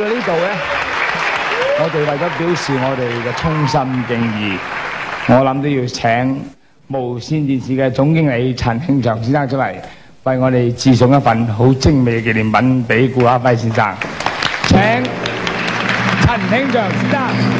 到呢度咧，我哋為咗表示我哋嘅衷心敬意，我諗都要請無線電視嘅總經理陳慶祥先生出嚟，為我哋致送一份好精美嘅紀念品俾顧阿輝先生。請陳慶祥先生。